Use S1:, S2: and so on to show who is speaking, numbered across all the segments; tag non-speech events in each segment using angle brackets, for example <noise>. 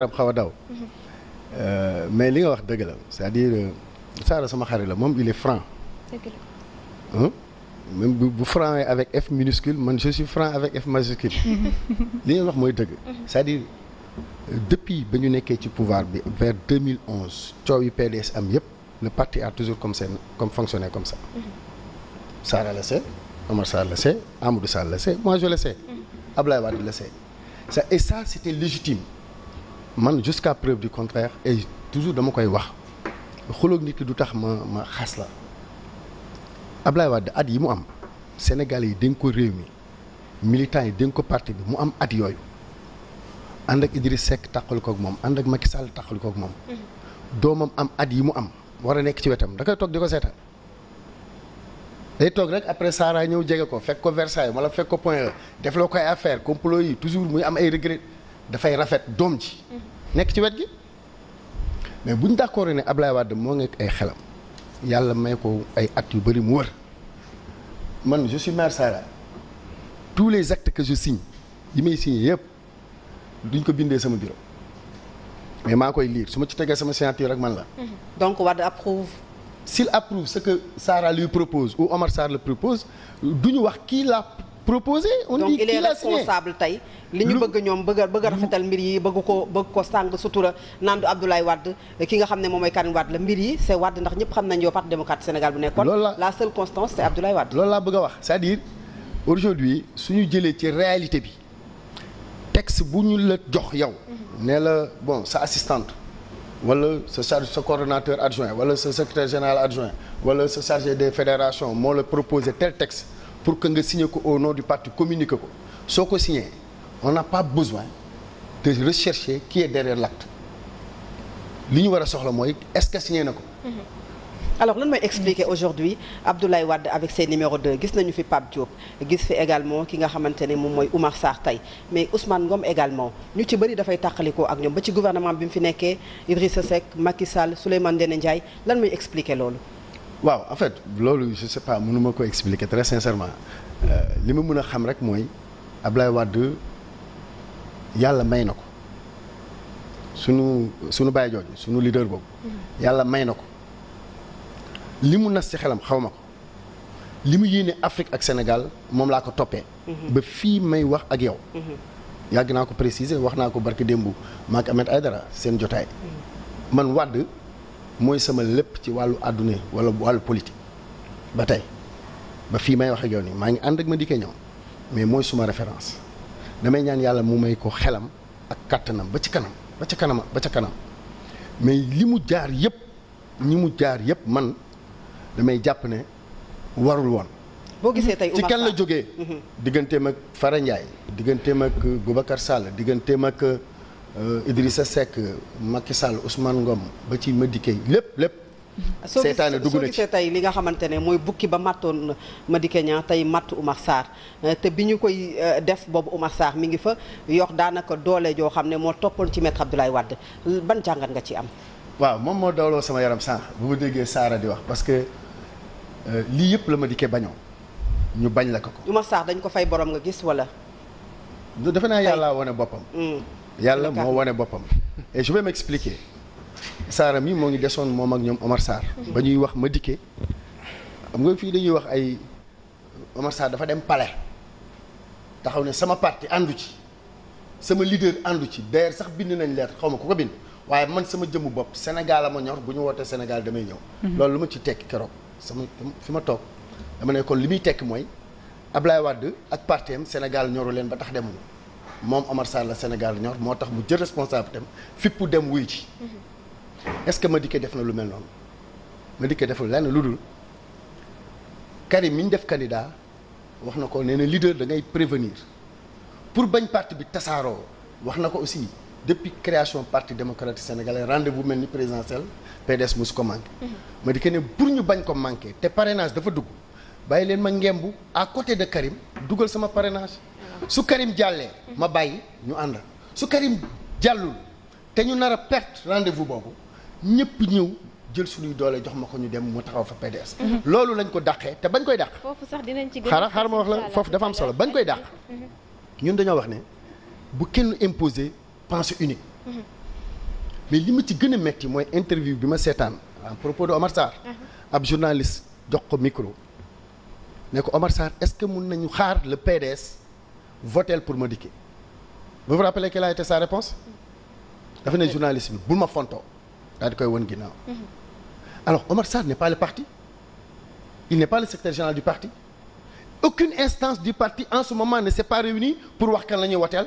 S1: am xaw a daw euh, mais li nga wax dëgg la c'est-à-dire Saara sama xarit la moom il est franc dëgg bu franc avec F minuscule man je suis franc avec F majuscule <laughs> li nga wax mooy dëgg c'est-à-dire depuis ba ñu nekkee ci pouvoir bi vers 2011 coow yi PDS am yëpp le parti a toujours comme seen comme fonctionné comme ça mm-hmm. Saara le sait Omar Sarr le sait Amadou Sall le sait moi je le sais mm-hmm. Abdoulaye Wade le sait ça et ça c'était légitime man jusqu'à preuve du contraire et toujours dama koy wax xuloog nit ki du tax ma ma xas la Ablaye Wade at yi mu am Sénégal yi dañ ko réew mi militants yi dañ ko parti bi mu am at yooyu ànd ak Idriss Seck taxal koog moom ànd ak Macky Sall taxal koog moom. Mhm. doomam am at yi mu am war a nekk ci wetam da koy toog di ko seetaan day toog rek après Saara ñëw jege ko fekk ko Versailles wala fekk ko Point E def loo koy affaire complot yi toujours muy am ay regret. dafay rafet doom ji. nekk ci wet gi mais buñ ñu d'accord ne Ablaye Wade moo nekk ay xelam yàlla may ko ay at yu bëri mu wër man je suis maire Sarr tous les actes que je signe yi may signé yëpp duñ ko bindee sama bureau mais maa koy liir su ma ci tegee sama signature rek man la. donc Wade approuve. s'il approuve ce que Sarr lui propose ou Omar Sarr le propose duñu wax kii la. proposé on donc dit il est responsable tey li ñu bëgg ñoom bëgg a bëgg a rafetal mbir yi bëgg ko bëgg ko sàng sutura naan du Abdoulaye Wade ki nga xam ne moom mooy Karim Wade la mbir yi c'est wadd ndax ñëpp xam nañ yow parti démocrate Sénégal bu nekkoon la seule constance c'est Abdoulaye Wade loolu laa bëgg a wax cest à suñu jëlee ci réalité bi texte bu ñu la jox yow ne la bon sa wala sa sa coordonnateur adjoint wala sa secrétaire général adjoint wala sa chargé des fédérations moo la proposé tel texte pour que nga signé ko au nom du parti communiqué ko soo ko signé on n'a pas besoin de rechercher qui est derrière l'acte li ñu war a soxla mooy est-ce que signé na ko. Mm-hmm. alors lan mooy expliquer aujourd'hui Abdoulaye Wade avec ses numéro 2 gis nañu fi Pape Diop gis fi également ki nga xamante ne moom mooy Oumar Sarr tey mais Ousmane Ngom également ñu ci bëri dafay tàqalikoo ak ñoom ba ci gouvernement bi mu fi nekkee Idrissa Seck Macky Sall Souleymane Ndéné Ndiaye lan mooy expliquer loolu. waaw en fait loolu je sais pas mënuma ko expliquer très sincèrement euh, li ma mën a xam rek mooy Ablaye Wade yàlla may na ko sunu sunu baay jooju sunu leader boobu. Mhm. yàlla may na ko li mu nas ci xelam xaw ma ko li mu yéene Afrique ak Sénégal moom laa ko toppee. Mhm. ba fii may wax ak yow. Mhm. yàgg naa ko préciser wax naa ko barki démb maak ay dara seen jotaay man Wade. mooy sama lépp ci wàllu àdduna wala wàllu politique ba tey ba fii may wax ak yow nii maa ngi ànd ak ma dikkee ñëw mais mooy suma référence damay ñaan yàlla mu may ko xelam ak kàttanam ba ci kanam ba ca kanam ba ca kanam mais li mu jaar yëpp ñi mu jaar yëpp man damay jàpp ne warul woon. boo gisee tey ci kan la jógee. Mm-hmm. digganteem ak Fara digganteem ak Boubacar Sall digganteem ak. Euh, Idrissa Seck Macky Sall Ousmane Ngom ba ci Madické lépp lépp. seetaane dugg na soo gisee tey li nga xamante ne mooy bukki ba mattoon Madické ñaa tey matt Oumar Sarr euh, te bi ñu koy euh, def boobu Oumar Sarr mi ngi fa yox daanaka doole joo xam ne moo toppoon ci maître Abdoulaye Wade ban jàngat nga ci am. waaw moom moo dawloo sama yaram sànq bu ma déggee Saara di wax parce que lii yëpp la Madické bañoon ñu bañ la ko ko. Oumar dañ ko fay borom nga gis wala. defe naa yàlla yàlla moo wane boppam et je vais m'expliquer Saara mi moo ngi desoon moom ak ñoom Omar mhm. ba ñuy wax ma dikkee xam nga fii dañuy wax ay Omar dafa dem palais taxaw ne sama parti àndu ci sama leader àndu ci d'ailleurs sax bind nañ lettre xaw ma ku ko bind waaye man sama jëmmu bopp Sénégal a ñor bu ñu wootee senegal damay ñëw mhm. loolu lu ma ci tekki keroog sama fi ma toog dama ne kon li muy tekki mooy Ablaye Wade ak parti am Sénégal ñoru leen ba tax demuñu moom Omar Sarr la Sénégal ñor moo tax mu jël responsabilité am fippu dem wuy ci mm-hmm. est-ce que Madické def na lu mel noonu Madické deful lenn lu dul Karim mi ñu def candidat wax na ko nee na leader da ngay prévenir pour bañ parti bi tasaaroo wax na ko aussi depuis création parti démocratique sénégalais rendez-vous mel ni présidentiel PDS mosu ko manqué. Mm-hmm. Madické ne pour ñu bañ ko manqué te parrainage dafa dugg bàyyi leen ma ngembu à côté de Karim dugal sama parrainage. su Karim jàllee ma bàyyi ñu ànd su Karim jàllul te ñu nara a perte rendez-vous boobu ñëpp ñëw jël suñuy doole jox ma ko ñu dem mu taxaw fa PDS. Mhm. loolu lañ ko dàqee te bañ koy dàq. foofu sax dinañ ci gën xaaral xaaral ma wax la foofu dafa am solo bañ koy dàq. Mhm. ñun dañoo wax ne bu kenn imposer pensée unique. Mhm. mais li ma ci gën a metti mooy interview bi ma seetaan à propos de Omar Sarr. ab journaliste jox ko micro. ne ko Omar Sarr est-ce que mun nañu xaar le PDS. votel pour ma vous vous rappelez quelle a été sa réponse dafa ne journaliste bi bul ma fontoo daal koy won ginnaaw mhm. alors Omar Sarr n'est pas parti il ne pas le secrétaire du parti aucune instance du parti en ce moment ne s'est pas réunie pour wax kan la ñuy woteel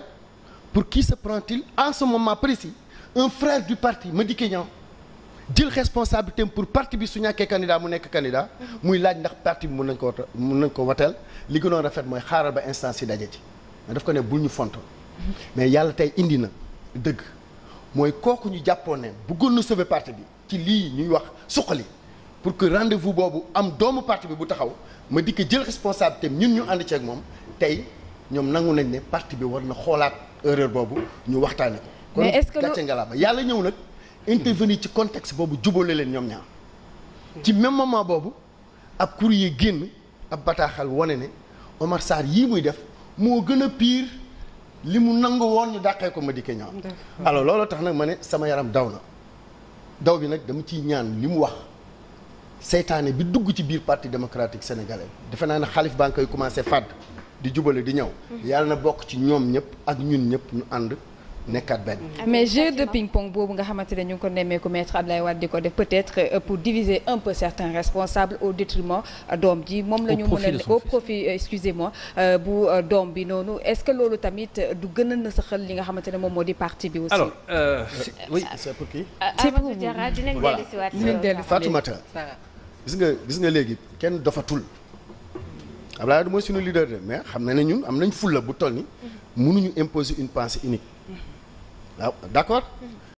S1: pour qui se prend-il en ce moment précis un frère du parti Madické Niang jël responsabilité pour parti bi su ñàkkee candidat mu nekk candidat mhm. muy laaj ndax parti bi mun nañ ko mun nañ ko woteel li gënoon rafet mooy xaaral ba instance yi daje mais daf ko ne bul ñu font mais yàlla tey indi na dëgg mooy kooku ñu jàppoon ne bëggoon na sauver parti bi ci lii ñuy wax suqali pour que rendez-vous boobu am doomu parti bi bu taxaw ma dikk jël responsabilité ñun ñu ànd ceeg moom tey ñoom nangu nañ ne parti bi war na xoolaat erreur boobu ñu waxtaane ko. est-ce que kon gàcce ngalaama yàlla ñëw nag. intervenir ci contexte boobu jubale leen ñoom ñaar. ci même moment boobu ab courrier génn ab bataaxal wane ne Omar Sarr yii muy def. moo gën a pire li mu nangu woon ñu dàqee ko Madické Niang alors loolu tax nag ma ne sama yaram daw na daw bi nag dama ciy ñaan li mu wax seytaane bi dugg ci biir parti démocratique sénégalais defe naa ne xalif baa ngi koy commencé fàdd di jubale di ñëw mm-hmm. yàlla na bokk ci ñoom ñëpp ak ñun ñëpp ñu ànd nekkaat benn. mais jeu de ping pong boobu nga xamante ne ñu ngi ko nemmeeku maître Abdoulaye Wade di ko def peut-être euh, pour diviser un peu certains responsables au détriment euh, doom ji moom la ñu mën a au profit euh, excusez-moi bu doom bi noonu est-ce que loolu tamit du gën a nasaxal li nga xamante ne moom moo di parti bi aussi. alors euh, oui c'est pour qui. c'est pour vous Fatoumata gis nga gis nga léegi kenn dofatul Abdoulaye Wade mooy suñu leader de mais xam na ne am nañ fulla bu toll ni mhm. mënuñu imposer une pensée unique ah d' accord